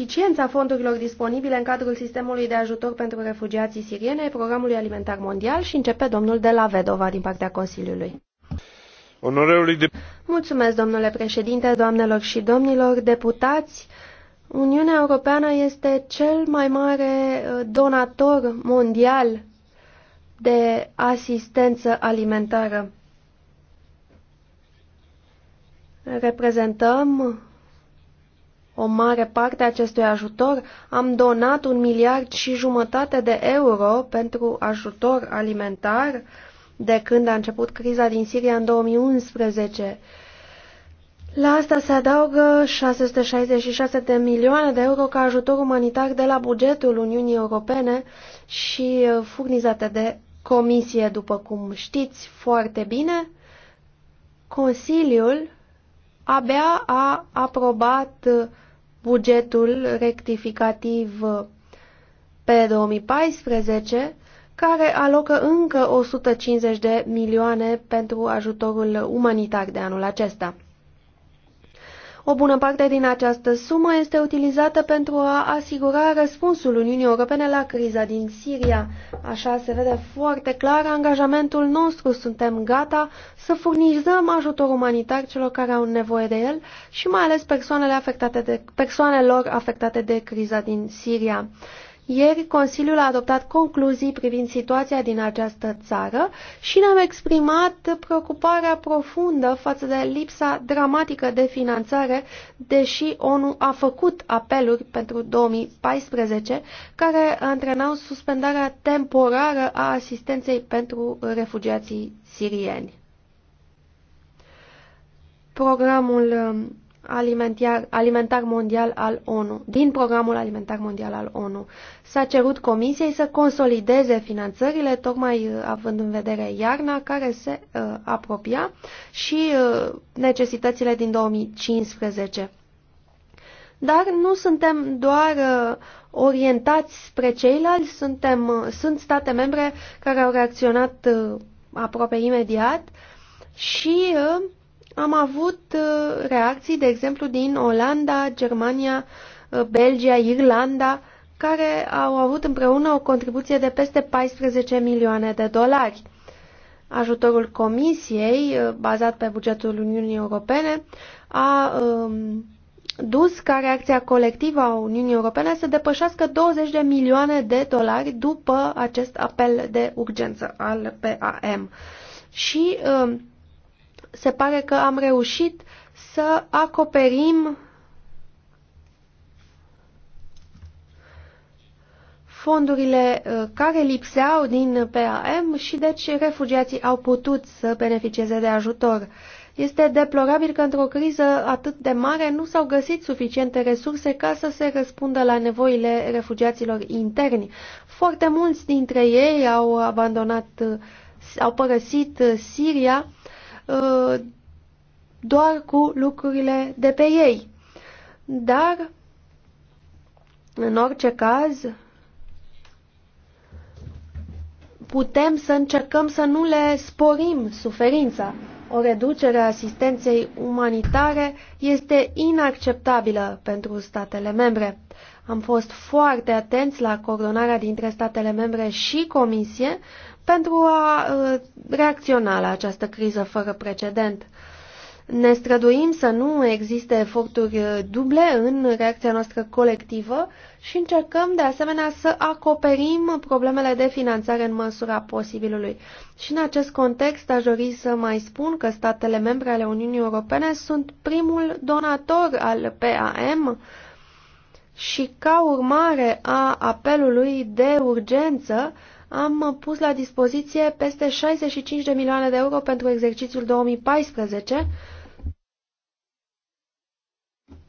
eficiența fondurilor disponibile în cadrul sistemului de ajutor pentru refugiații siriene, programului alimentar mondial și începe domnul de la Vedova din partea Consiliului. de... Mulțumesc, domnule președinte, doamnelor și domnilor deputați. Uniunea Europeană este cel mai mare uh, donator mondial de asistență alimentară. Reprezentăm o mare parte a acestui ajutor, am donat un miliard și jumătate de euro pentru ajutor alimentar de când a început criza din Siria în 2011. La asta se adaugă 666 de milioane de euro ca ajutor umanitar de la bugetul Uniunii Europene și uh, furnizate de Comisie, după cum știți foarte bine. Consiliul abia a aprobat uh, bugetul rectificativ uh, pe 2014, care alocă încă 150 de milioane pentru ajutorul umanitar de anul acesta. O bună parte din această sumă este utilizată pentru a asigura răspunsul Uniunii Europene la criza din Siria. Așa se vede foarte clar angajamentul nostru. Suntem gata să furnizăm ajutor umanitar celor care au nevoie de el și mai ales persoanele afectate de, persoanelor afectate de criza din Siria. Ieri, Consiliul a adoptat concluzii privind situația din această țară și ne-am exprimat preocuparea profundă față de lipsa dramatică de finanțare, deși ONU a făcut apeluri pentru 2014 care antrenau suspendarea temporară a asistenței pentru refugiații sirieni. Programul um, alimentar, mondial al ONU, din programul alimentar mondial al ONU. S-a cerut comisiei să consolideze finanțările, tocmai uh, având în vedere iarna care se uh, apropia și uh, necesitățile din 2015. Dar nu suntem doar uh, orientați spre ceilalți, suntem, uh, sunt state membre care au reacționat uh, aproape imediat și uh, am avut uh, reacții, de exemplu, din Olanda, Germania, uh, Belgia, Irlanda, care au avut împreună o contribuție de peste 14 milioane de dolari. Ajutorul Comisiei, uh, bazat pe bugetul Uniunii Europene, a um, dus ca reacția colectivă a Uniunii Europene să depășească 20 de milioane de dolari după acest apel de urgență al PAM. Și uh, se pare că am reușit să acoperim fondurile uh, care lipseau din PAM și deci refugiații au putut să beneficieze de ajutor. Este deplorabil că într-o criză atât de mare nu s-au găsit suficiente resurse ca să se răspundă la nevoile refugiaților interni. Foarte mulți dintre ei au abandonat, uh, au părăsit uh, Siria Uh, doar cu lucrurile de pe ei. Dar, în orice caz, putem să încercăm să nu le sporim suferința. O reducere a asistenței umanitare este inacceptabilă pentru statele membre. Am fost foarte atenți la coordonarea dintre statele membre și Comisie pentru a ă, reacționa la această criză fără precedent. Ne străduim să nu existe eforturi ă, duble în reacția noastră colectivă și încercăm de asemenea să acoperim problemele de finanțare în măsura posibilului. Și în acest context aș dori să mai spun că statele membre ale Uniunii Europene sunt primul donator al PAM și ca urmare a apelului de urgență am pus la dispoziție peste 65 de milioane de euro pentru exercițiul 2014,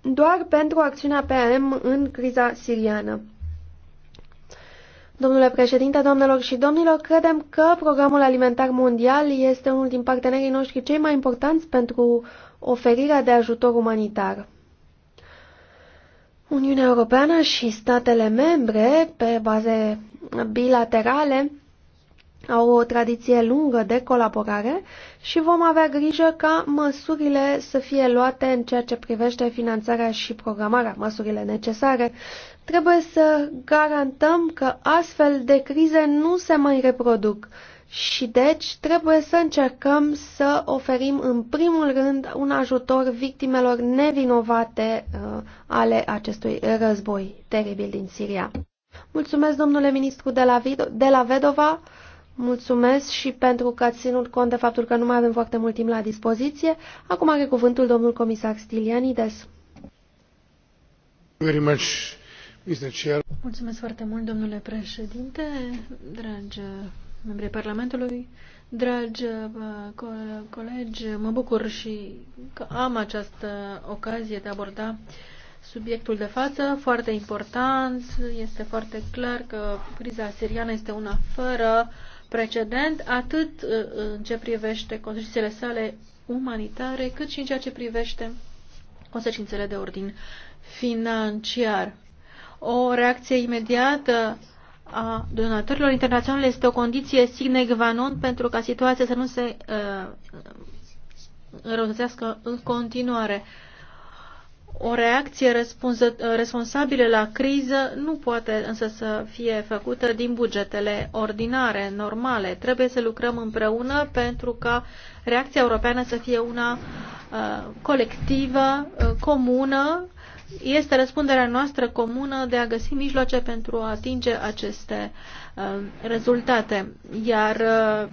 doar pentru acțiunea PM în criza siriană. Domnule președinte, domnilor și domnilor, credem că programul alimentar mondial este unul din partenerii noștri cei mai importanți pentru oferirea de ajutor umanitar. Uniunea Europeană și statele membre, pe baze bilaterale, au o tradiție lungă de colaborare și vom avea grijă ca măsurile să fie luate în ceea ce privește finanțarea și programarea, măsurile necesare. Trebuie să garantăm că astfel de crize nu se mai reproduc și deci trebuie să încercăm să oferim în primul rând un ajutor victimelor nevinovate uh, ale acestui război teribil din Siria. Mulțumesc, domnule ministru de la, Vido, de la Vedova, mulțumesc și pentru că ați ținut cont de faptul că nu mai avem foarte mult timp la dispoziție. Acum are cuvântul domnul comisar Stilianides. Very much, Mr. Chair. Mulțumesc foarte mult, domnule președinte, dragi membrii Parlamentului, dragi uh, colegi, mă bucur și că am această ocazie de a aborda subiectul de față, foarte important. Este foarte clar că criza siriană este una fără precedent, atât uh, în ce privește consecințele sale umanitare, cât și în ceea ce privește consecințele de ordin financiar. O reacție imediată a donatorilor internaționale este o condiție sine qua non pentru ca situația să nu se uh, înrăutățească în continuare. O reacție responsabilă la criză nu poate însă să fie făcută din bugetele ordinare, normale. Trebuie să lucrăm împreună pentru ca reacția europeană să fie una uh, colectivă, uh, comună, uh, este răspunderea noastră comună de a găsi mijloace pentru a atinge aceste uh, rezultate. Iar uh,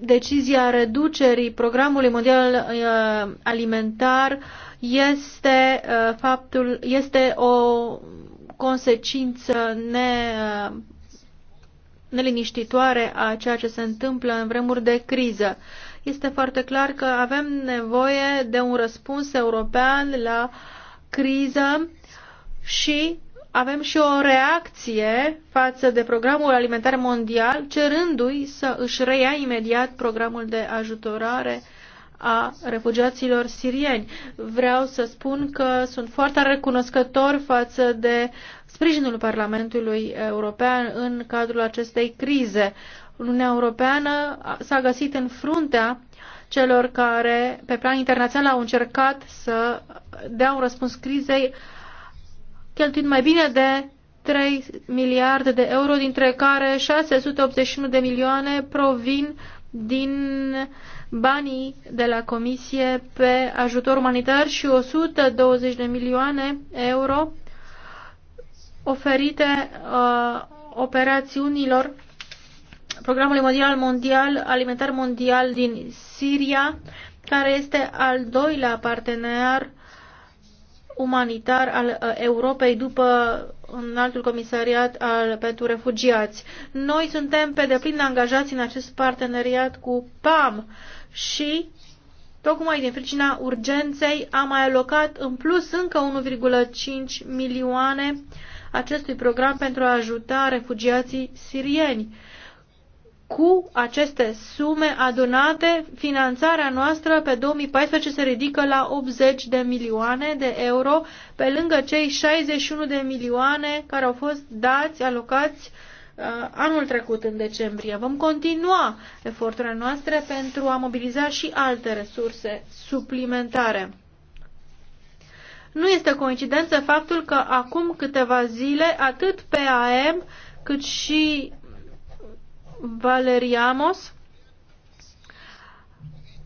decizia reducerii programului mondial uh, alimentar este uh, faptul este o consecință ne uh, neliniștitoare a ceea ce se întâmplă în vremuri de criză. Uh, este foarte clar că avem nevoie de un răspuns european la criză și avem și o reacție față de programul alimentar mondial, cerându-i să își reia imediat programul de ajutorare a refugiaților sirieni. Vreau să spun că sunt foarte recunoscător față de sprijinul Parlamentului European în cadrul acestei crize. Uniunea Europeană s-a găsit în fruntea celor care, pe plan internațional, au încercat să dea un răspuns crizei, cheltuind mai bine de 3 miliarde de euro, dintre care 681 de milioane provin din banii de la Comisie pe ajutor umanitar și 120 de milioane euro oferite uh, operațiunilor Programului Mondial, Mondial Alimentar Mondial din Siria, care este al doilea partener umanitar al uh, Europei după altul comisariat al, pentru refugiați. Noi suntem pe deplin angajați în acest parteneriat cu PAM și Tocmai din fricina urgenței am mai alocat în plus încă 1,5 milioane acestui program pentru a ajuta refugiații sirieni cu aceste sume adunate, finanțarea noastră pe 2014 se ridică la 80 de milioane de euro, pe lângă cei 61 de milioane care au fost dați, alocați uh, anul trecut în decembrie. Vom continua eforturile noastre pentru a mobiliza și alte resurse suplimentare. Nu este coincidență faptul că acum câteva zile atât PAM cât și Valeriamos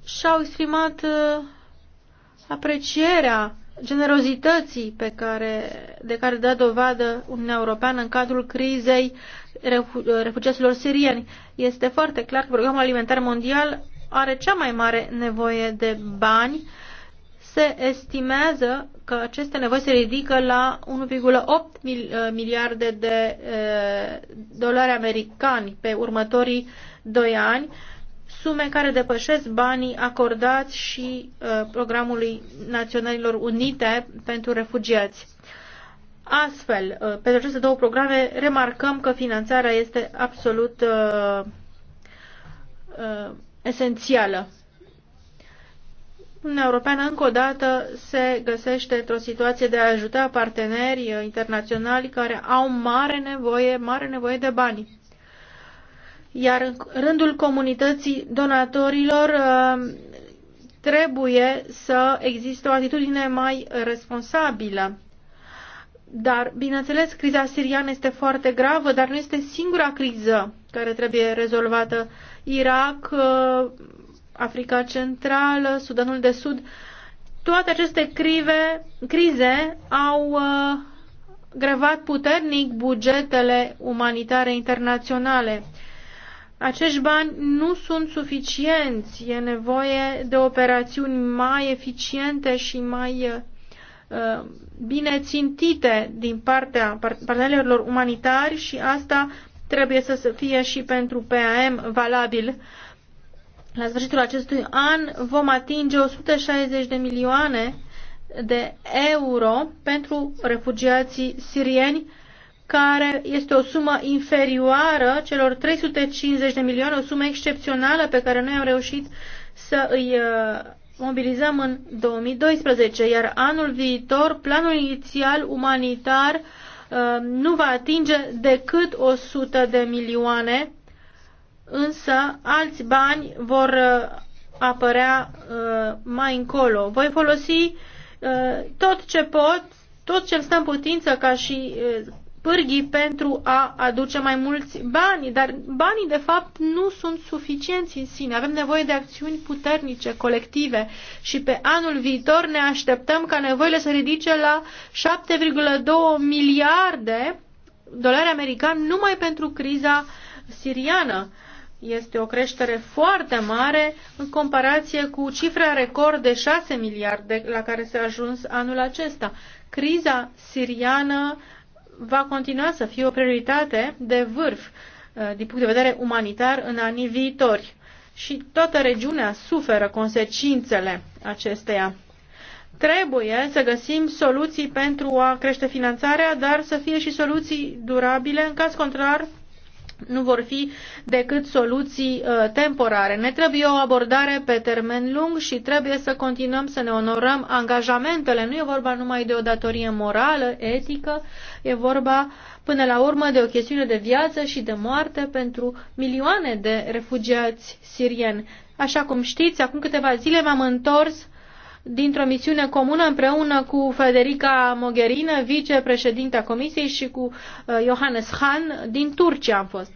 și-au exprimat uh, aprecierea generozității pe care, de care dă dovadă Uniunea Europeană în cadrul crizei refugiaților sirieni. Este foarte clar că Programul Alimentar Mondial are cea mai mare nevoie de bani se estimează că aceste nevoi se ridică la 1,8 uh, miliarde de uh, dolari americani pe următorii doi ani, sume care depășesc banii acordați și uh, programului Naționalilor Unite pentru refugiați. Astfel, pentru aceste două programe remarcăm că finanțarea este absolut uh, uh, esențială. Uniunea Europeană încă o dată se găsește într-o situație de a ajuta parteneri internaționali care au mare nevoie, mare nevoie de bani. Iar în rândul comunității donatorilor uh, trebuie să existe o atitudine mai responsabilă. Dar, bineînțeles, criza siriană este foarte gravă, dar nu este singura criză care trebuie rezolvată. Irak uh, Africa Centrală, Sudanul de Sud. Toate aceste crive, crize au uh, grevat puternic bugetele umanitare internaționale. Acești bani nu sunt suficienți. E nevoie de operațiuni mai eficiente și mai uh, bine țintite din partea partenerilor umanitari și asta trebuie să fie și pentru PAM valabil. Uh, la sfârșitul acestui an vom atinge 160 de milioane de euro pentru refugiații sirieni, care este o sumă inferioară celor 350 de milioane, o sumă excepțională pe care noi am reușit să îi uh, mobilizăm în 2012, iar anul viitor planul inițial umanitar uh, nu va atinge decât 100 de milioane însă alți bani vor uh, apărea uh, mai încolo. Voi folosi uh, tot ce pot, tot ce-mi stă în putință ca și pârghii pentru a aduce mai mulți bani, dar banii de fapt nu sunt suficienți în sine. Avem nevoie de acțiuni puternice, colective și pe anul viitor ne așteptăm ca nevoile să ridice la 7,2 miliarde dolari americani numai pentru criza siriană. Este o creștere foarte mare în comparație cu cifra record de 6 miliarde la care s-a ajuns anul acesta. Criza siriană va continua să fie o prioritate de vârf uh, din punct de vedere umanitar în anii viitori și toată regiunea suferă consecințele acesteia. Trebuie să găsim soluții pentru a crește finanțarea, dar să fie și soluții durabile, în caz contrar nu vor fi decât soluții uh, temporare. Ne trebuie o abordare pe termen lung și trebuie să continuăm să ne onorăm angajamentele. Nu e vorba numai de o datorie morală, etică, e vorba până la urmă de o chestiune de viață și de moarte pentru milioane de refugiați sirieni. Așa cum știți, acum câteva zile m-am întors dintr-o misiune comună împreună cu Federica Mogherini, vicepreședinta Comisiei și cu uh, Johannes Hahn din Turcia am fost.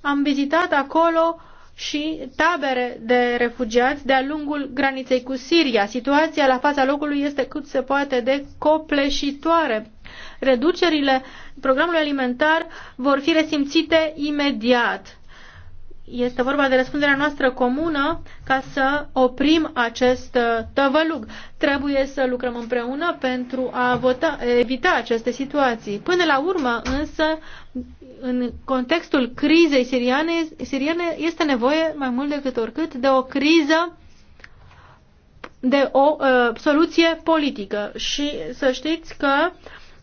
Am vizitat acolo și tabere de refugiați de-a lungul graniței cu Siria. Situația la fața locului este cât se poate de copleșitoare. Reducerile programului alimentar vor fi resimțite imediat. Este vorba de răspunderea noastră comună ca să oprim acest uh, tăvălug. Trebuie să lucrăm împreună pentru a vota, evita aceste situații. Până la urmă, însă, în contextul crizei siriane, siriene este nevoie mai mult decât oricât de o criză de o uh, soluție politică și să știți că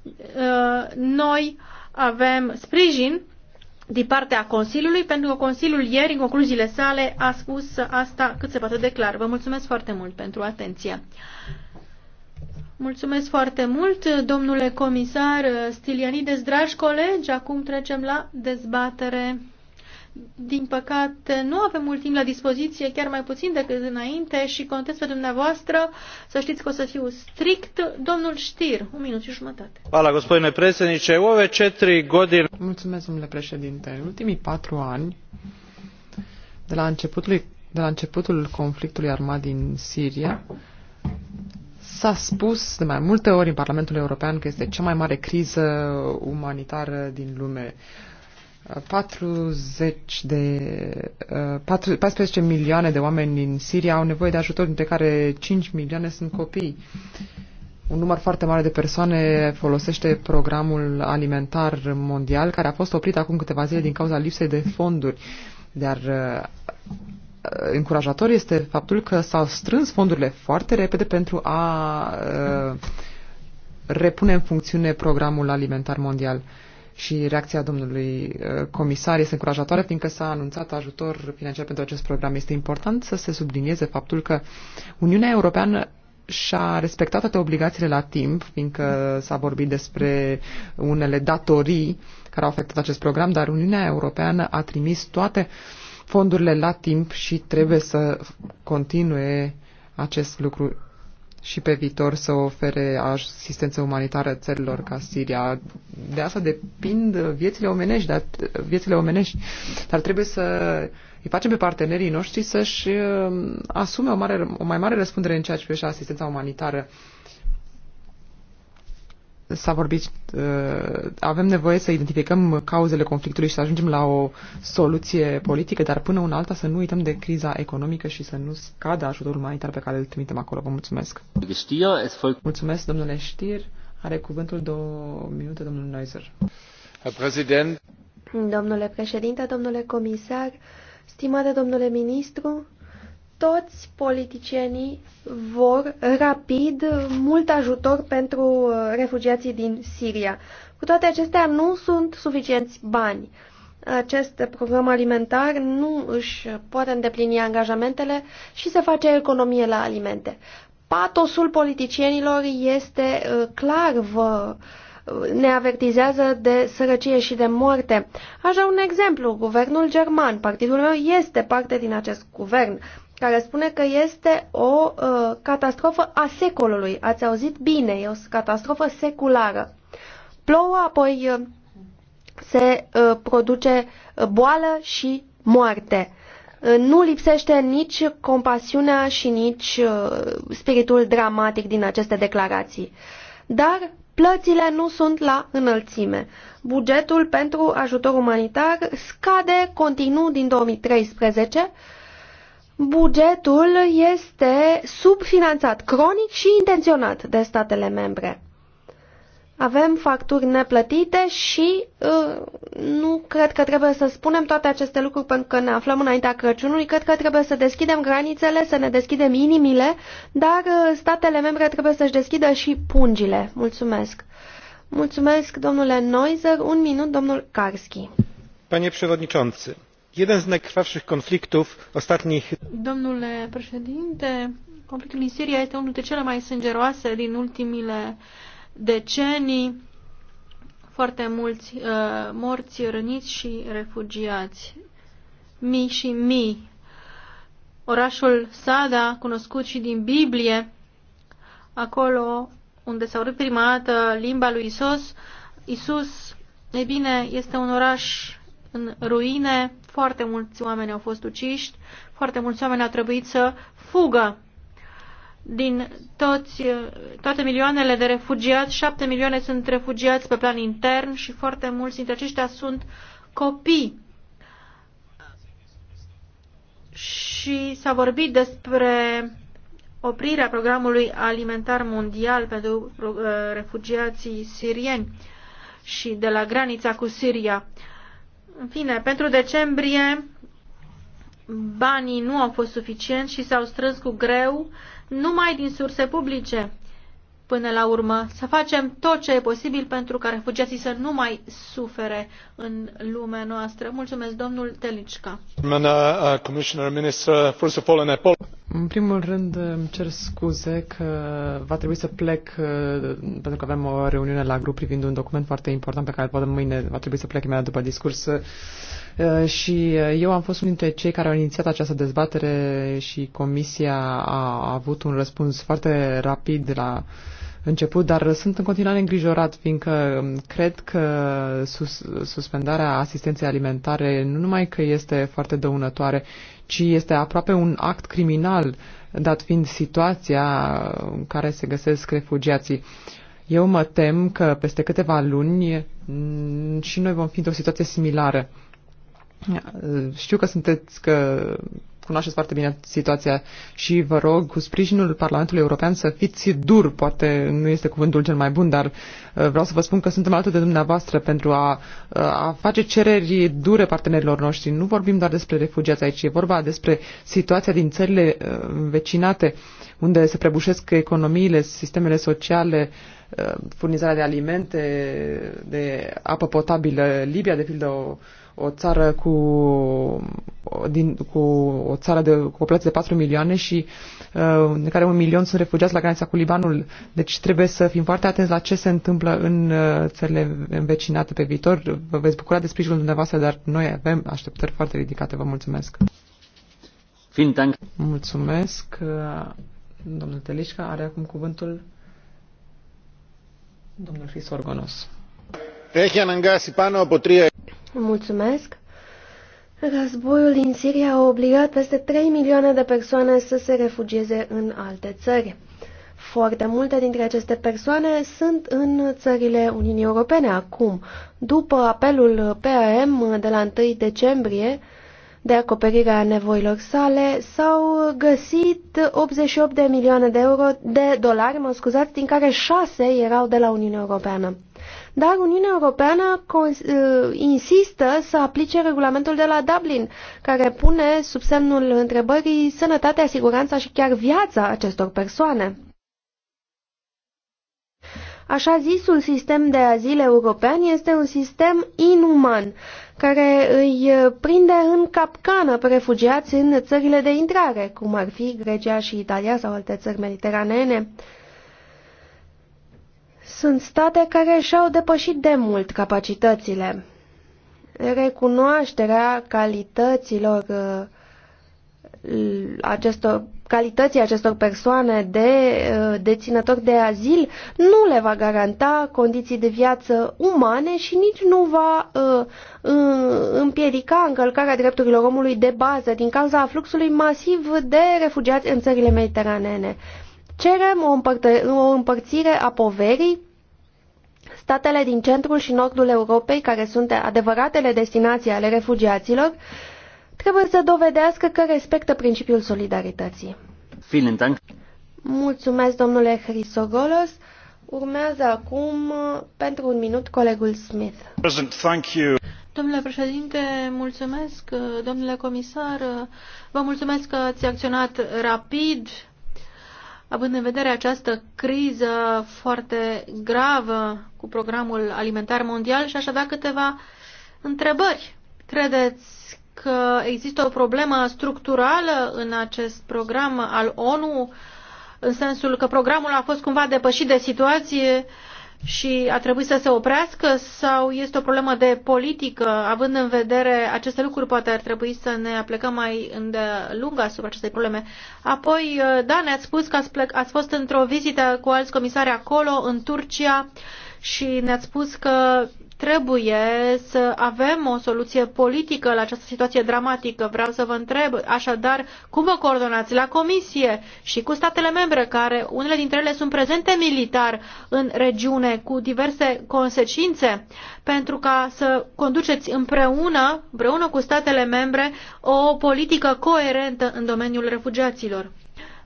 uh, noi avem sprijin uh, din partea Consiliului, pentru că Consiliul ieri, în concluziile sale, a spus asta cât se poate de clar. Vă mulțumesc foarte mult pentru atenție. Mulțumesc foarte mult, domnule comisar Stilianides, dragi colegi. Acum trecem la dezbatere. Din păcate, nu avem mult timp la dispoziție, chiar mai puțin decât înainte și contez pe dumneavoastră să știți că o să fiu strict. Domnul Știr, un minut și jumătate. Hvala, gospodine presenice, ove četiri godine... Mulțumesc, domnule președinte. În ultimii patru ani, de la începutul, de la începutul conflictului armat din Siria, S-a spus de mai multe ori în Parlamentul European că este cea mai mare criză umanitară din lume. Uh, 40 de, 14 uh, milioane de oameni în Siria au nevoie de ajutor, dintre care 5 milioane sunt copii. Un număr foarte mare de persoane folosește programul alimentar mondial, care a fost oprit acum câteva zile din cauza lipsei de fonduri. Dar uh, uh, încurajator este faptul că s-au strâns fondurile foarte repede pentru a repune în funcțiune programul alimentar mondial și reacția domnului uh, comisar este încurajatoare, fiindcă s-a anunțat ajutor financiar pentru acest program. Este important să se sublinieze faptul că Uniunea Europeană și-a respectat toate obligațiile la timp, fiindcă s-a vorbit despre unele datorii care au afectat acest program, dar Uniunea Europeană a trimis toate fondurile la timp și trebuie să continue acest lucru și pe viitor să ofere asistență umanitară țărilor ca Siria. De asta depind viețile omenești, dar, viețile omenești. dar trebuie să îi facem pe partenerii noștri să-și um, asume o, mare, o mai mare răspundere în ceea ce privește asistența umanitară s-a vorbit, uh, avem nevoie să identificăm cauzele conflictului și să ajungem la o soluție politică, dar până una alta să nu uităm de criza economică și să nu scadă ajutorul umanitar pe care îl trimitem acolo. Vă mulțumesc. Mulțumesc, domnule Știr. Are cuvântul două minute, domnul Neuser. Domnule președinte, domnule comisar, stimate domnule ministru, toți politicienii vor rapid mult ajutor pentru uh, refugiații din Siria. Cu toate acestea, nu sunt suficienți bani. Acest program alimentar nu își poate îndeplini angajamentele și se face economie la alimente. Patosul politicienilor este uh, clar, vă uh, ne avertizează de sărăcie și de moarte. Așa da un exemplu, guvernul german, partidul meu este parte din acest guvern care spune că este o uh, catastrofă a secolului. Ați auzit bine, e o catastrofă seculară. Plouă, apoi uh, se uh, produce uh, boală și moarte. Uh, nu lipsește nici compasiunea și nici uh, spiritul dramatic din aceste declarații. Dar plățile nu sunt la înălțime. Bugetul pentru ajutor umanitar scade continuu din 2013 bugetul este subfinanțat cronic și intenționat de statele membre. Avem facturi neplătite și uh, nu cred că trebuie să spunem toate aceste lucruri pentru că ne aflăm înaintea Crăciunului. Cred că trebuie să deschidem granițele, să ne deschidem inimile, dar uh, statele membre trebuie să-și deschidă și pungile. Mulțumesc. Mulțumesc, domnule Noizer. Un minut, domnul Karski. Panie przewodniczący, domnule președinte conflictul din siria este unul dintre cele mai sângeroase din ultimele decenii foarte mulți uh, morți, răniți și refugiați. Mii și mii. Orașul Sada, cunoscut și din Biblie, acolo unde s a prima dată limba lui Isus, Isus, e bine, este un oraș în ruine, foarte mulți oameni au fost uciși, foarte mulți oameni au trebuit să fugă. Din toți, toate milioanele de refugiați, șapte milioane sunt refugiați pe plan intern și foarte mulți dintre aceștia sunt copii. Și s-a vorbit despre oprirea programului alimentar mondial pentru uh, refugiații sirieni și de la granița cu Siria. În fine, pentru decembrie banii nu au fost suficienți și s-au strâns cu greu numai din surse publice. Până la urmă, să facem tot ce e posibil pentru ca refugiații să nu mai sufere în lumea noastră. Mulțumesc, domnul Telicca. În primul rând îmi cer scuze că va trebui să plec uh, pentru că avem o reuniune la grup privind un document foarte important pe care poate mâine va trebui să plec imediat după discurs. Uh, și uh, eu am fost unul dintre cei care au inițiat această dezbatere și comisia a avut un răspuns foarte rapid la început, dar sunt în continuare îngrijorat, fiindcă um, cred că sus, suspendarea asistenței alimentare nu numai că este foarte dăunătoare, ci este aproape un act criminal, dat fiind situația în care se găsesc refugiații. Eu mă tem că peste câteva luni mm, și noi vom fi într-o situație similară. Știu că sunteți că cunoașteți foarte bine situația și vă rog cu sprijinul Parlamentului European să fiți dur, poate nu este cuvântul cel mai bun, dar uh, vreau să vă spun că suntem alături de dumneavoastră pentru a, uh, a face cereri dure partenerilor noștri. Nu vorbim doar despre refugiați aici, e vorba despre situația din țările uh, vecinate unde se prebușesc economiile, sistemele sociale, furnizarea de alimente, de apă potabilă. Libia, de pildă, o o țară cu, din, cu o țară de cu populație de 4 milioane și uh, în care un milion sunt refugiați la granița cu Libanul. Deci trebuie să fim foarte atenți la ce se întâmplă în uh, țările învecinate pe viitor. Vă veți bucura de sprijinul dumneavoastră, dar noi avem așteptări foarte ridicate. Vă mulțumesc. Fintank. Mulțumesc. Uh, domnul Telișca are acum cuvântul domnul Hrisorgonos. Έχει αναγκάσει πάνω από τρία Mulțumesc. Războiul din Siria a obligat peste 3 milioane de persoane să se refugieze în alte țări. Foarte multe dintre aceste persoane sunt în țările Uniunii Europene acum, după apelul PAM de la 1 decembrie de acoperirea nevoilor sale, s-au găsit 88 de milioane de euro de dolari, mă scuzați, din care 6 erau de la Uniunea Europeană dar Uniunea Europeană ă, insistă să aplice regulamentul de la Dublin, care pune sub semnul întrebării sănătatea, siguranța și chiar viața acestor persoane. Așa zisul sistem de azil european este un sistem inuman, care îi prinde în capcană pe refugiați în țările de intrare, cum ar fi Grecia și Italia sau alte țări mediteraneene. Sunt state care și-au depășit de mult capacitățile. Recunoașterea calităților uh, acestor, calității acestor persoane de uh, deținători de azil nu le va garanta condiții de viață umane și nici nu va uh, împiedica încălcarea drepturilor omului de bază din cauza fluxului masiv de refugiați în țările mediteranene. Cerem o, împărtă, o împărțire a poverii Statele din centrul și nordul Europei, care sunt adevăratele destinații ale refugiaților, trebuie să dovedească că respectă principiul solidarității. Mulțumesc, domnule Hrisogolos. Urmează acum, pentru un minut, colegul Smith. Domnule președinte, mulțumesc. Domnule comisar, vă mulțumesc că ați acționat rapid având în vedere această criză foarte gravă cu programul alimentar mondial și aș avea câteva întrebări. Credeți că există o problemă structurală în acest program al ONU, în sensul că programul a fost cumva depășit de situație uh, și a trebuit să se oprească sau este o problemă de politică? Având în vedere aceste lucruri, poate ar trebui să ne aplecăm mai îndelung asupra acestei probleme. Apoi, uh, da, ne-ați spus că ați, plec, ați fost într-o vizită cu alți comisari acolo, în Turcia, și ne-ați spus că Trebuie să avem o soluție politică la această situație dramatică. Vreau să vă întreb, așadar, cum vă coordonați la Comisie și cu statele membre, care unele dintre ele sunt prezente militar în regiune cu diverse consecințe, pentru ca să conduceți împreună, împreună cu statele membre, o politică coerentă în domeniul refugiaților.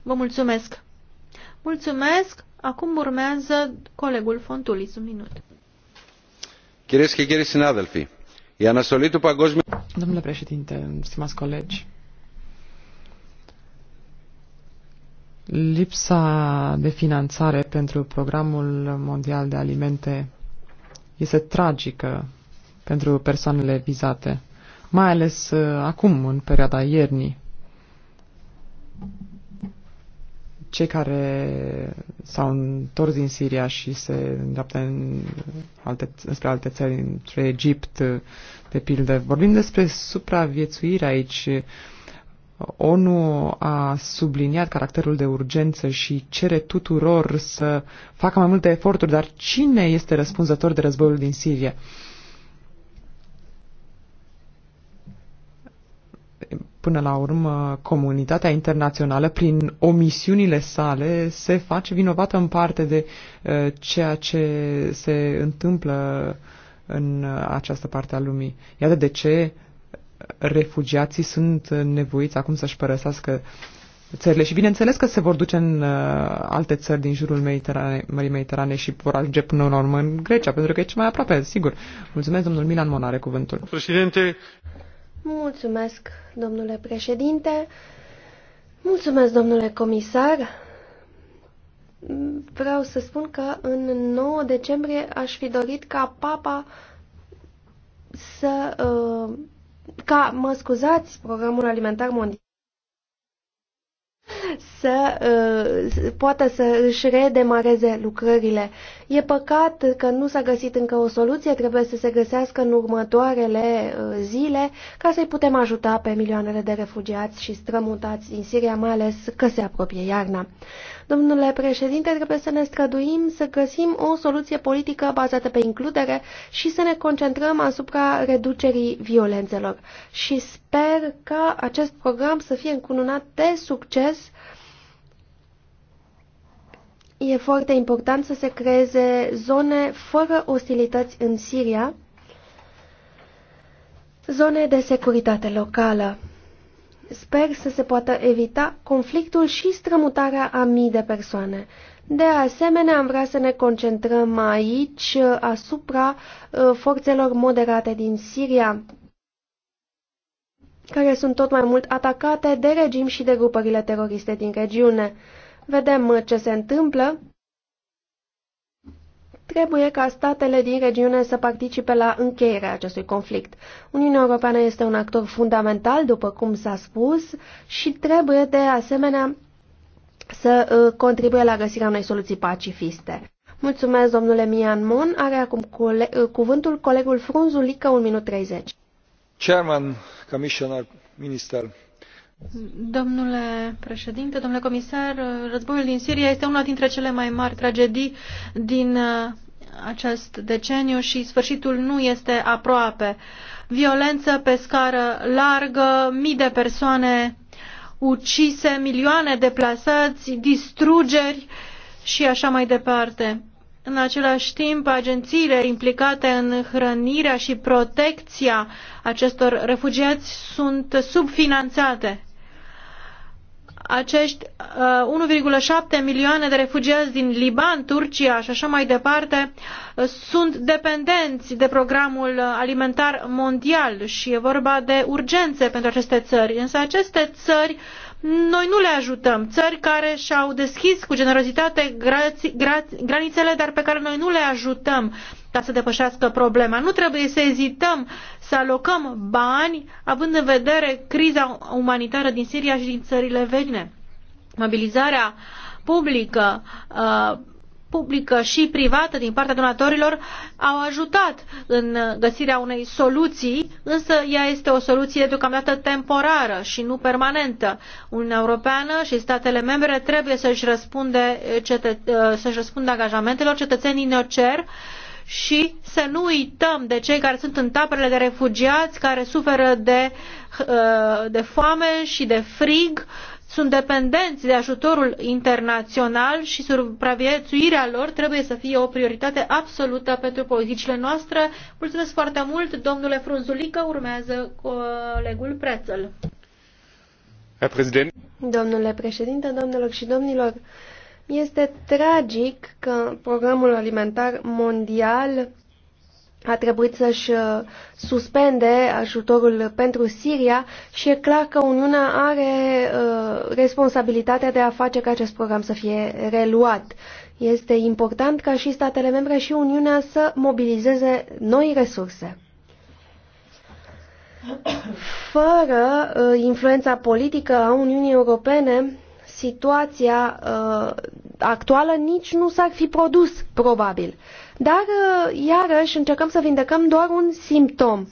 Vă mulțumesc! Mulțumesc! Acum urmează colegul Fontulis, un minut. Domnule președinte, stimați colegi, lipsa de finanțare pentru programul mondial de alimente este tragică pentru persoanele vizate, mai ales uh, acum, în perioada iernii. cei care s-au întors din Siria și se îndreaptă în alte, spre alte țări, între Egipt, de pildă. Vorbim despre supraviețuire aici. ONU a subliniat caracterul de urgență și cere tuturor să facă mai multe eforturi, dar cine este răspunzător de războiul din Siria? Până la urmă, comunitatea internațională, prin omisiunile sale, se face vinovată în parte de uh, ceea ce se întâmplă în uh, această parte a lumii. Iată de ce refugiații sunt nevoiți acum să-și părăsească țările. Și bineînțeles că se vor duce în uh, alte țări din jurul Mediterane, Mării Mediterane și vor ajunge până la urmă în Grecia, pentru că e cel mai aproape, sigur. Mulțumesc, domnul Milan Monare, cuvântul. Președinte, Mulțumesc, domnule președinte. Mulțumesc, domnule comisar. Vreau să spun că în 9 decembrie aș fi dorit ca papa să... Uh, ca, mă scuzați, programul alimentar mondial să uh, poată să își redemareze lucrările. E păcat că nu s-a găsit încă o soluție, trebuie să se găsească în următoarele uh, zile ca să-i putem ajuta pe milioanele de refugiați și strămutați din Siria, mai ales că se apropie iarna. Domnule președinte, trebuie să ne străduim să găsim o soluție politică bazată pe includere și să ne concentrăm asupra reducerii violențelor. Și sper ca acest program să fie încununat de succes E foarte important să se creeze zone fără ostilități în Siria, zone de securitate locală. Sper să se poată evita conflictul și strămutarea a mii de persoane. De asemenea, am vrea să ne concentrăm aici uh, asupra uh, forțelor moderate din Siria, care sunt tot mai mult atacate de regim și de grupările teroriste din regiune. Vedem ce se întâmplă. Trebuie ca statele din regiune să participe la încheierea acestui conflict. Uniunea Europeană este un actor fundamental, după cum s-a spus, și trebuie de asemenea să uh, contribuie la găsirea unei soluții pacifiste. Mulțumesc, domnule Mian Mon. Are acum cole uh, cuvântul colegul Frunzulică, 1 minut 30. Chairman, Commissioner, Minister, Domnule președinte, domnule comisar, războiul din Siria este una dintre cele mai mari tragedii din uh, acest deceniu și sfârșitul nu este aproape. Violență pe scară largă, mii de persoane ucise, milioane deplasați, distrugeri și așa mai departe. În același timp, agențiile implicate în hrănirea și protecția acestor refugiați sunt subfinanțate acești 1,7 uh, milioane de refugiați din Liban, Turcia și așa mai departe uh, sunt dependenți de programul uh, alimentar mondial și e vorba de urgențe pentru aceste țări. Însă aceste țări noi nu le ajutăm. Țări care și-au deschis cu generozitate granițele, dar pe care noi nu le ajutăm ca să depășească problema. Nu trebuie să ezităm să alocăm bani având în vedere criza umanitară din Siria și din țările vecine. Mobilizarea publică, uh, publică și privată din partea donatorilor au ajutat în găsirea unei soluții, însă ea este o soluție deocamdată temporară și nu permanentă. Uniunea Europeană și statele membre trebuie să-și, răspunde, uh, să-și răspundă angajamentelor, cetățenii ne cer și să nu uităm de cei care sunt în taberele de refugiați, care suferă de, uh, de foame și de frig, sunt dependenți de ajutorul internațional și supraviețuirea lor trebuie să fie o prioritate absolută pentru politicile noastre. Mulțumesc foarte mult, domnule Frunzulică, urmează colegul Prețel. Domnule președinte, domnilor și domnilor, este tragic că programul alimentar mondial a trebuit să-și uh, suspende ajutorul pentru Siria și e clar că Uniunea are uh, responsabilitatea de a face ca acest program să fie reluat. Este important ca și statele membre și Uniunea să mobilizeze noi resurse. Fără uh, influența politică a Uniunii Europene, situația uh, actuală nici nu s-ar fi produs, probabil. Dar, uh, iarăși, încercăm să vindecăm doar un simptom.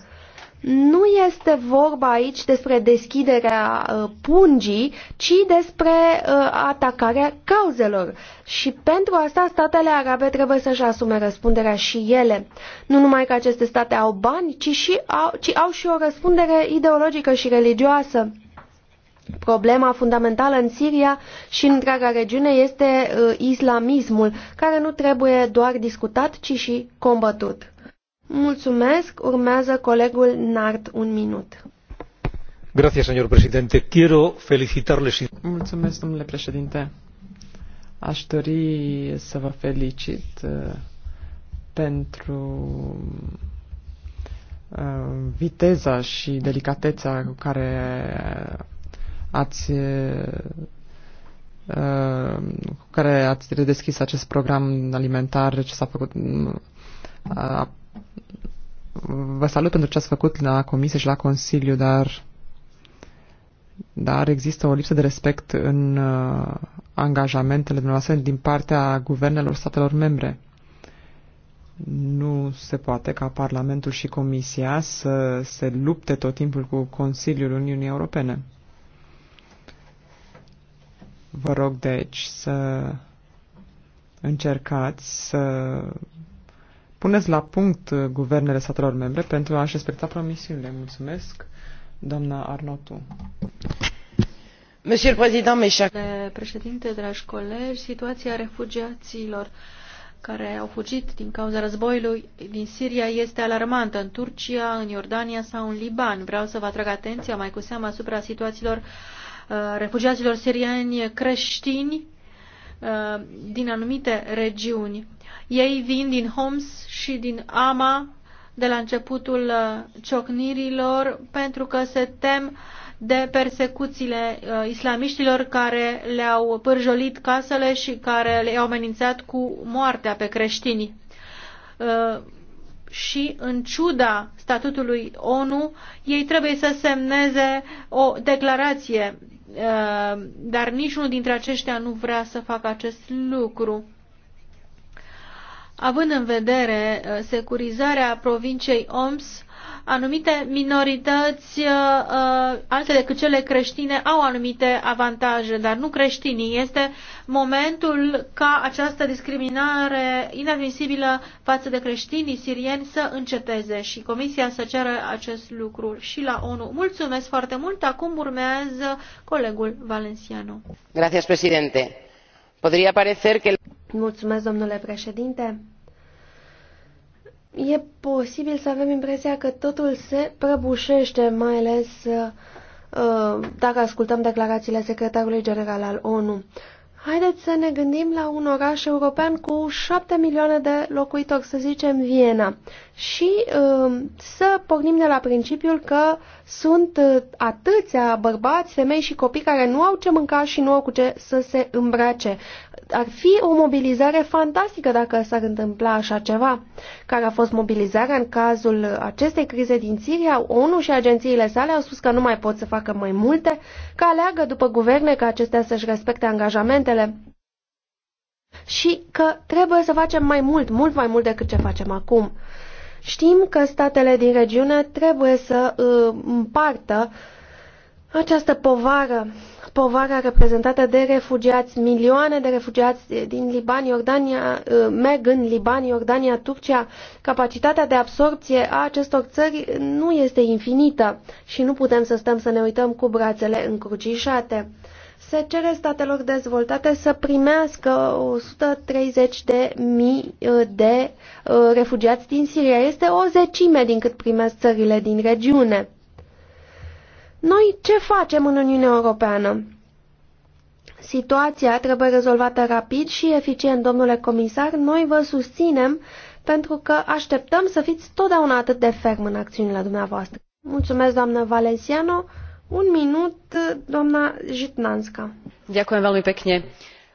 Nu este vorba aici despre deschiderea uh, pungii, ci despre uh, atacarea cauzelor. Și pentru asta statele arabe trebuie să-și asume răspunderea și ele. Nu numai că aceste state au bani, ci, și au, ci au și o răspundere ideologică și religioasă Problema fundamentală în Siria și în întreaga regiune este uh, islamismul, care nu trebuie doar discutat, ci și combătut. Mulțumesc. Urmează colegul Nart un minut. Gracias, señor presidente. Quiero felicitarle. Mulțumesc, domnule președinte. Aș dori să vă felicit uh, pentru uh, viteza și delicatețea cu care ați cu care ați redeschis acest program alimentar, ce s-a făcut. Vă salut pentru ce ați făcut la Comisie și la Consiliu, dar, dar există o lipsă de respect în angajamentele dumneavoastră din partea guvernelor statelor membre. Nu se poate ca Parlamentul și Comisia să se lupte tot timpul cu Consiliul Uniunii Europene. Vă rog, deci, să încercați să puneți la punct guvernele statelor membre pentru a-și respecta promisiunile. Mulțumesc, doamna Arnotu. Monsieur le Président, mes chers... Președinte, dragi colegi, situația refugiaților care au fugit din cauza războiului din Siria este alarmantă în Turcia, în Iordania sau în Liban. Vreau să vă atrag atenția mai cu seamă asupra situațiilor uh, Uh, refugiaților sirieni creștini uh, din anumite regiuni. Ei vin din Homs și din Ama de la începutul uh, ciocnirilor pentru că se tem de persecuțiile islamiștilor care le-au pârjolit casele și care le-au amenințat cu moartea pe creștini și în ciuda statutului ONU, ei trebuie să semneze o declarație Uh, dar niciunul dintre aceștia nu vrea să facă acest lucru. Având în vedere uh, securizarea provinciei OMS, anumite minorități uh, uh, altele decât cele creștine au anumite avantaje, dar nu creștinii. Este momentul ca această discriminare inadmisibilă față de creștinii sirieni să înceteze și Comisia să ceră acest lucru și la ONU. Mulțumesc foarte mult. Acum urmează colegul Valenciano. Gracias, presidente. Podría parecer que... Mulțumesc, domnule președinte e posibil să avem impresia că totul se prăbușește, mai ales uh, dacă ascultăm declarațiile secretarului general al ONU. Haideți să ne gândim la un oraș european cu 7 milioane de locuitori, să zicem Viena și um, să pornim de la principiul că sunt uh, atâția bărbați, femei și copii care nu au ce mânca și nu au cu ce să se îmbrace. Ar fi o mobilizare fantastică dacă s-ar întâmpla așa ceva, care a fost mobilizarea în cazul acestei crize din Siria. ONU și agențiile sale au spus că nu mai pot să facă mai multe, că aleagă după guverne ca acestea să-și respecte angajamentele și că trebuie să facem mai mult, mult mai mult decât ce facem acum. Știm că statele din regiune trebuie să uh, împartă această povară, povara reprezentată de refugiați, milioane de refugiați din Liban, Iordania, uh, merg în Liban, Iordania, Turcia. Capacitatea de absorpție a acestor țări nu este infinită și nu putem să stăm să ne uităm cu brațele încrucișate se cere statelor dezvoltate să primească 130 de mii uh, de uh, refugiați din Siria. Este o zecime din cât primesc țările din regiune. Noi ce facem în Uniunea Europeană? Situația trebuie rezolvată rapid și eficient, domnule comisar. Noi vă susținem pentru că așteptăm să fiți totdeauna atât de ferm în acțiunile dumneavoastră. Mulțumesc, doamnă Valenciano. Un minut, doamna Jitnanska. Ďakujem veľmi pekne.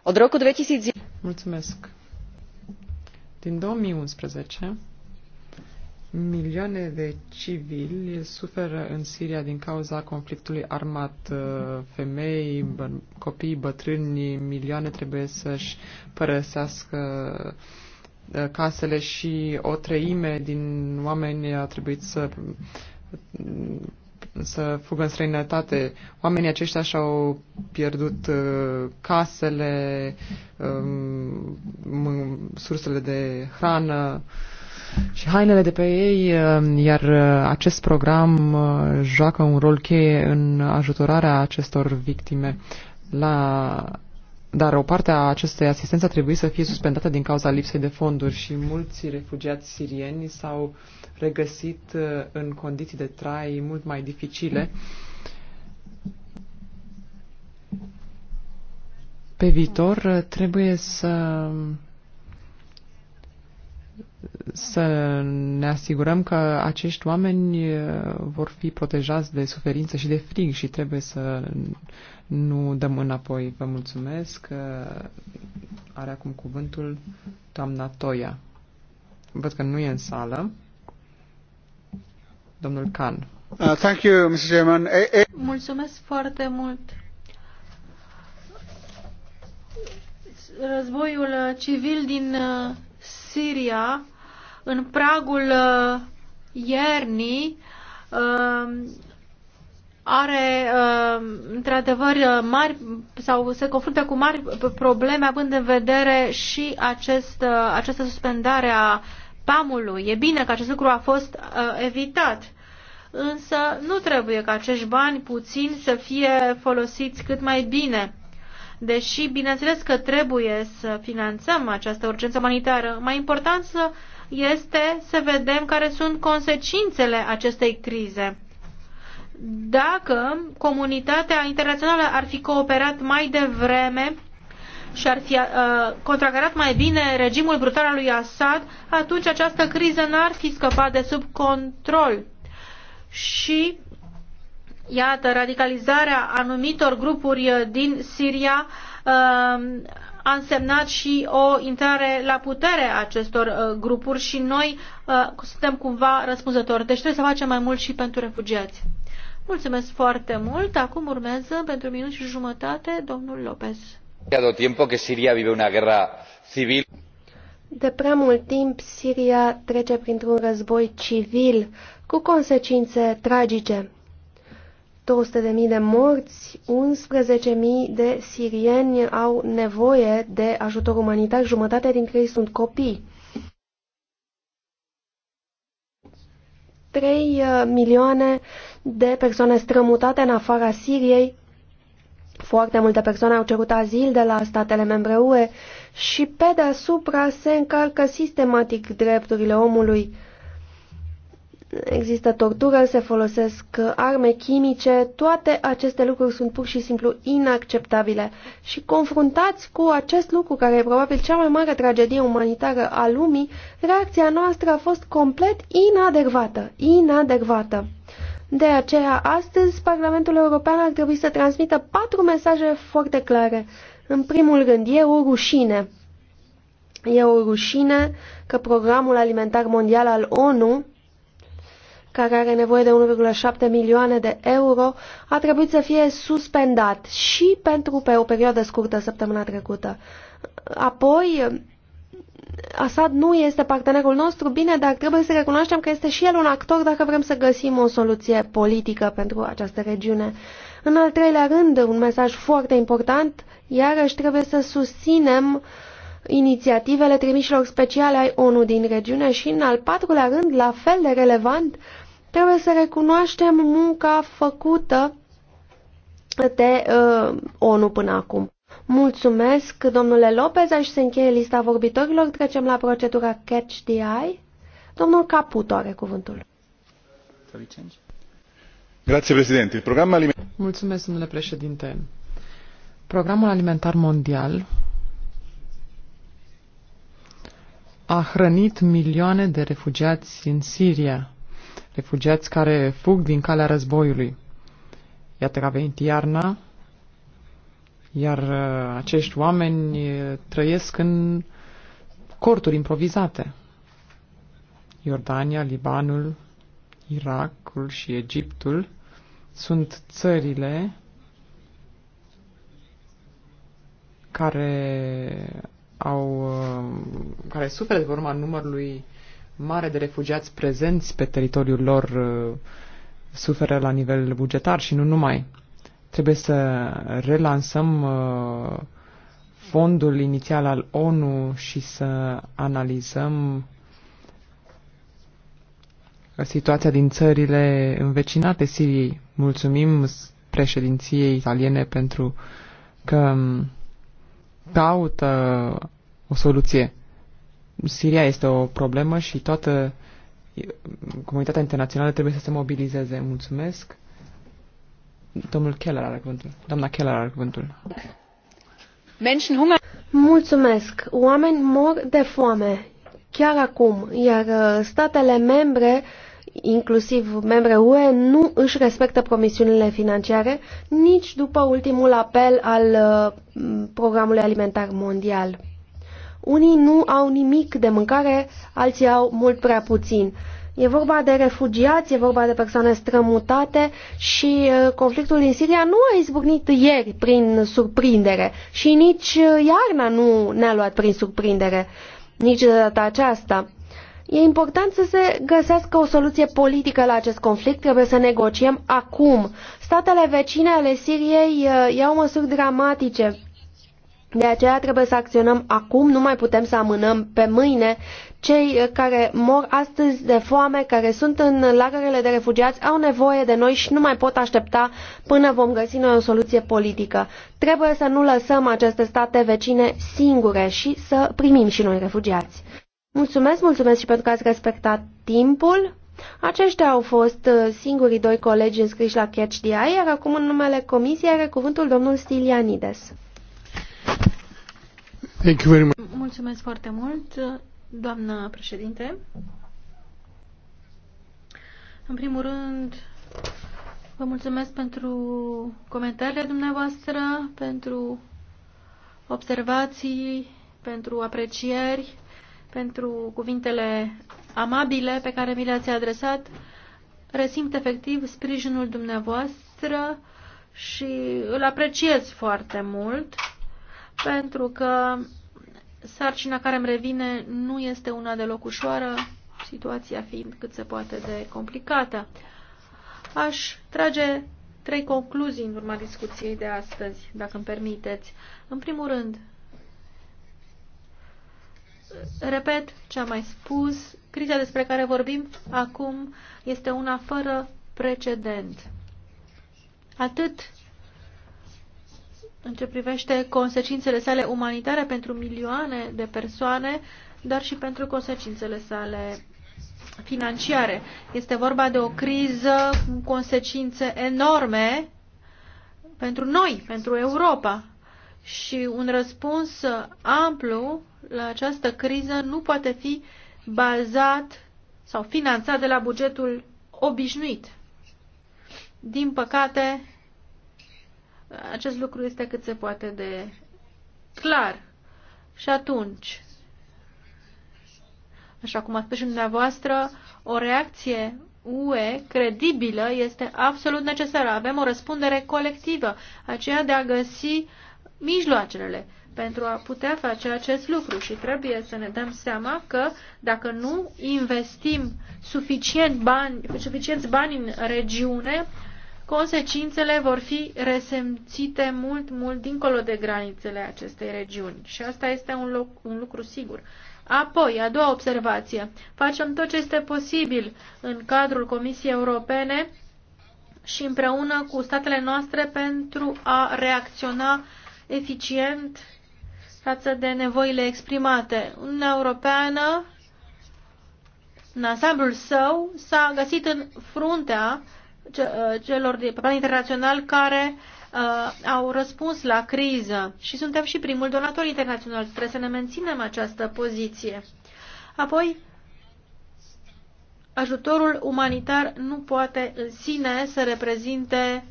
Od roku 2000... Mulțumesc. Din 2011, milioane de civili suferă în Siria din cauza conflictului armat. Femei, copii, bătrâni, milioane trebuie să-și părăsească uh, casele și o treime din oameni a trebuit să să fugă în străinătate. Oamenii aceștia și-au pierdut uh, casele, um, sursele de hrană și hainele de pe ei, um, iar uh, acest program uh, joacă un rol cheie în ajutorarea acestor victime. La dar o parte a acestei asistențe a trebuit să fie suspendată din cauza lipsei de fonduri și mulți refugiați sirieni s-au uh, regăsit uh, în condiții de trai mult mai dificile. Pe viitor uh, trebuie să să ne asigurăm că acești oameni uh, vor fi protejați de suferință și de frig și trebuie să nu dăm înapoi. Vă mulțumesc. Are acum cuvântul doamna Toia. Văd că nu e în sală. Domnul Khan. Uh, thank you, Mr. Chairman. Mulțumesc foarte mult. Războiul uh, civil din uh, Siria, în pragul uh, iernii, are într-adevăr mari sau se confruntă cu mari probleme având în vedere și acest, această suspendare a PAM-ului. E bine că acest lucru a fost uh, evitat. Însă nu trebuie ca acești bani puțini să fie folosiți cât mai bine. Deși, bineînțeles că trebuie să finanțăm această urgență umanitară, mai important să este să vedem care sunt consecințele acestei crize. Dacă comunitatea internațională ar fi cooperat mai devreme, și ar fi uh, contracarat mai bine regimul brutal al lui Assad, atunci această criză n-ar fi scăpat de sub control. Și iată, radicalizarea anumitor grupuri din Siria uh, a însemnat și o intrare la putere a acestor uh, grupuri și noi uh, suntem cumva răspunzători. Deci trebuie să facem mai mult și pentru refugiați. Mulțumesc foarte mult. Acum urmează pentru minut și jumătate domnul Lopez. De prea mult timp, Siria trece printr-un război civil cu consecințe tragice. 200.000 de morți, 11.000 de sirieni au nevoie de ajutor umanitar, jumătate dintre ei sunt copii. 3 uh, milioane de persoane strămutate în afara Siriei foarte multe persoane au cerut azil de la statele membre UE și pe deasupra se încarcă sistematic drepturile omului. Există tortură, se folosesc arme chimice, toate aceste lucruri sunt pur și simplu inacceptabile. Și confruntați cu acest lucru, care e probabil cea mai mare tragedie umanitară a lumii, reacția noastră a fost complet inadecvată. Inadecvată. De aceea, astăzi, Parlamentul European ar trebui să transmită patru mesaje foarte clare. În primul rând, e o rușine. E o rușine că Programul Alimentar Mondial al ONU, care are nevoie de 1,7 milioane de euro, a trebuit să fie suspendat și pentru pe o perioadă scurtă săptămâna trecută. Apoi, Assad nu este partenerul nostru, bine, dar trebuie să recunoaștem că este și el un actor dacă vrem să găsim o soluție politică pentru această regiune. În al treilea rând, un mesaj foarte important, iarăși trebuie să susținem inițiativele trimișilor speciale ai ONU din regiune și, în al patrulea rând, la fel de relevant, trebuie să recunoaștem munca făcută de uh, ONU până acum. Mulțumesc, domnule Lopez. Aș se încheie lista vorbitorilor. Trecem la procedura Catch the Eye. Domnul Caputo are cuvântul. Grazie, președinte. Programul alimentar... Mulțumesc, domnule președinte. Programul alimentar mondial a hrănit milioane de refugiați în Siria, refugiați care fug din calea războiului. Iată că a venit iarna, iar uh, acești oameni uh, trăiesc în corturi improvizate. Iordania, Libanul, Irakul și Egiptul sunt țările care au, uh, care suferă de urma numărului mare de refugiați prezenți pe teritoriul lor, suferă la nivel bugetar și nu numai. Trebuie să relansăm uh, fondul inițial al ONU și să analizăm situația din țările învecinate Siriei. Mulțumim președinției italiene pentru că um, caută o soluție. Siria este o problemă și toată uh, comunitatea internațională trebuie să se mobilizeze. Mulțumesc. Domnul Keller are cuvântul. Doamna Keller are cuvântul. Mulțumesc. Oameni mor de foame chiar acum, iar uh, statele membre inclusiv membre UE, nu își respectă promisiunile financiare nici după ultimul apel al uh, Programului Alimentar Mondial. Unii nu au nimic de mâncare, alții au mult prea puțin. E vorba de refugiați, e vorba de persoane strămutate și conflictul din Siria nu a izbucnit ieri prin surprindere și nici iarna nu ne-a luat prin surprindere, nici de data aceasta. E important să se găsească o soluție politică la acest conflict, trebuie să negociem acum. Statele vecine ale Siriei iau măsuri dramatice de aceea trebuie să acționăm acum, nu mai putem să amânăm pe mâine. Cei eh, care mor astăzi de foame, care sunt în lagărele de refugiați, au nevoie de noi și nu mai pot aștepta până vom găsi noi o soluție politică. Trebuie să nu lăsăm aceste state vecine singure și să primim și noi refugiați. Mulțumesc, mulțumesc și pentru că ați respectat timpul. Aceștia au fost eh, singurii doi colegi înscriși la Catch the Eye, iar acum în numele comisiei are cuvântul domnul Stilianides. Thank you very much. Mulțumesc foarte mult, doamna președinte. În primul rând, vă mulțumesc pentru comentariile dumneavoastră, pentru observații, pentru aprecieri, pentru cuvintele amabile pe care mi le-ați adresat. Resimt efectiv sprijinul dumneavoastră și îl apreciez foarte mult pentru că sarcina care îmi revine nu este una deloc ușoară, situația fiind cât se poate de complicată. Aș trage trei concluzii în urma discuției de astăzi, dacă îmi permiteți. În primul rând, repet ce am mai spus, criza despre care vorbim acum este una fără precedent. Atât în ce privește consecințele sale umanitare pentru milioane de persoane, dar și pentru consecințele sale financiare. Este vorba de o criză cu consecințe enorme pentru noi, pentru Europa. Și un răspuns amplu la această criză nu poate fi bazat sau finanțat de la bugetul obișnuit. Din păcate, acest lucru este cât se poate de clar. Și atunci, așa cum a spus și dumneavoastră, o reacție UE credibilă este absolut necesară. Avem o răspundere colectivă, aceea de a găsi mijloacele pentru a putea face acest lucru și trebuie să ne dăm seama că dacă nu investim suficient bani, suficienți bani în regiune, consecințele vor fi resemțite mult, mult dincolo de granițele acestei regiuni. Și asta este un, loc, un lucru sigur. Apoi, a doua observație. Facem tot ce este posibil în cadrul Comisiei Europene și împreună cu statele noastre pentru a reacționa eficient față de nevoile exprimate. Uniunea Europeană, în ansamblul său, s-a găsit în fruntea uh, Uh, celor de, pe plan internațional care uh, au răspuns la criză și suntem și primul donator internațional. Trebuie să ne menținem această poziție. Apoi, ajutorul umanitar nu poate în sine să reprezinte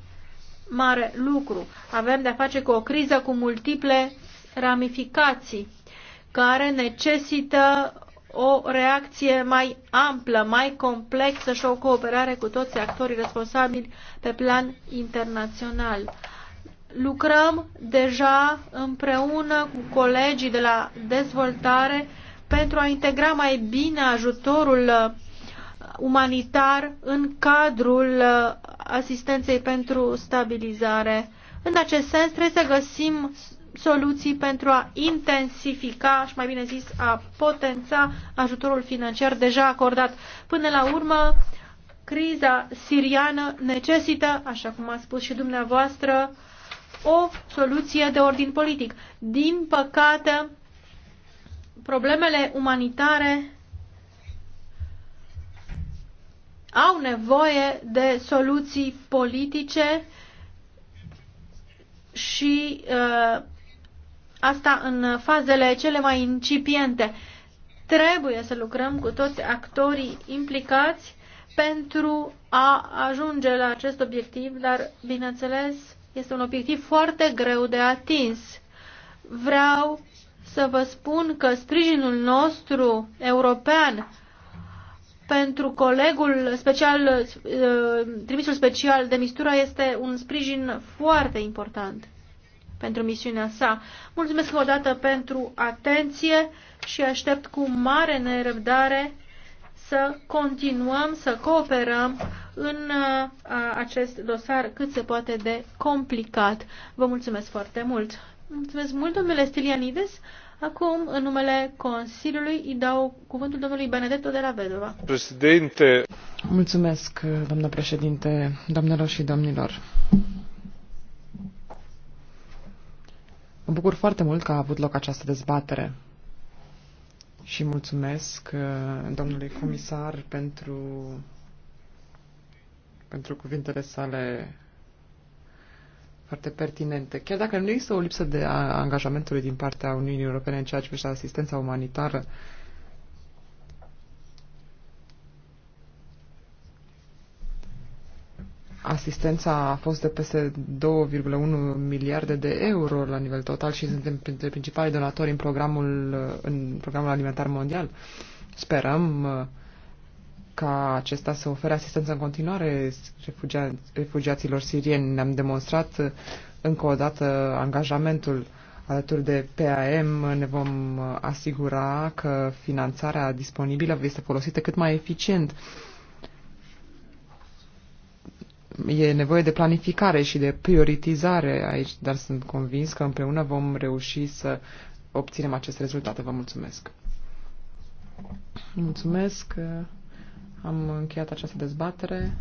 mare lucru. Avem de-a face cu o criză cu multiple ramificații care necesită o reacție mai amplă, mai complexă și o cooperare cu toți actorii responsabili pe plan internațional. Lucrăm deja împreună cu colegii de la dezvoltare pentru a integra mai bine ajutorul uh, umanitar în cadrul uh, asistenței pentru stabilizare. În acest sens, trebuie să găsim soluții pentru a intensifica și mai bine zis a potența ajutorul financiar deja acordat. Până la urmă, criza siriană necesită, așa cum a spus și dumneavoastră, o soluție de ordin politic. Din păcate, problemele umanitare au nevoie de soluții politice și uh, Asta în fazele cele mai incipiente. Trebuie să lucrăm cu toți actorii implicați pentru a ajunge la acest obiectiv, dar, bineînțeles, este un obiectiv foarte greu de atins. Vreau să vă spun că sprijinul nostru european pentru colegul special, uh, trimisul special de mistura este un sprijin foarte important pentru misiunea sa. Mulțumesc o dată pentru atenție și aștept cu mare nerăbdare să continuăm să cooperăm în uh, acest dosar cât se poate de complicat. Vă mulțumesc foarte mult! Mulțumesc mult, domnule Stilianides! Acum, în numele Consiliului, îi dau cuvântul domnului Benedetto de la Vedova. Președinte! Mulțumesc, doamnă președinte, doamnelor și domnilor! Mă bucur foarte mult că a avut loc această dezbatere și mulțumesc uh, domnului comisar pentru, pentru cuvintele sale foarte pertinente. Chiar dacă nu există o lipsă de angajamentului din partea Uniunii Europene în ceea ce privește asistența umanitară, uh, Asistența a fost de peste 2,1 miliarde de euro la nivel total și suntem printre principalii donatori în programul, în programul alimentar mondial. Sperăm uh, ca acesta să ofere asistență în continuare refugia, refugiaților sirieni. Ne-am demonstrat uh, încă o dată angajamentul alături de PAM. Uh, ne vom asigura că finanțarea disponibilă este folosită cât mai eficient e nevoie de planificare și de prioritizare aici, dar sunt convins că împreună vom reuși să obținem aceste rezultate. Vă mulțumesc! Mulțumesc! Am încheiat această dezbatere.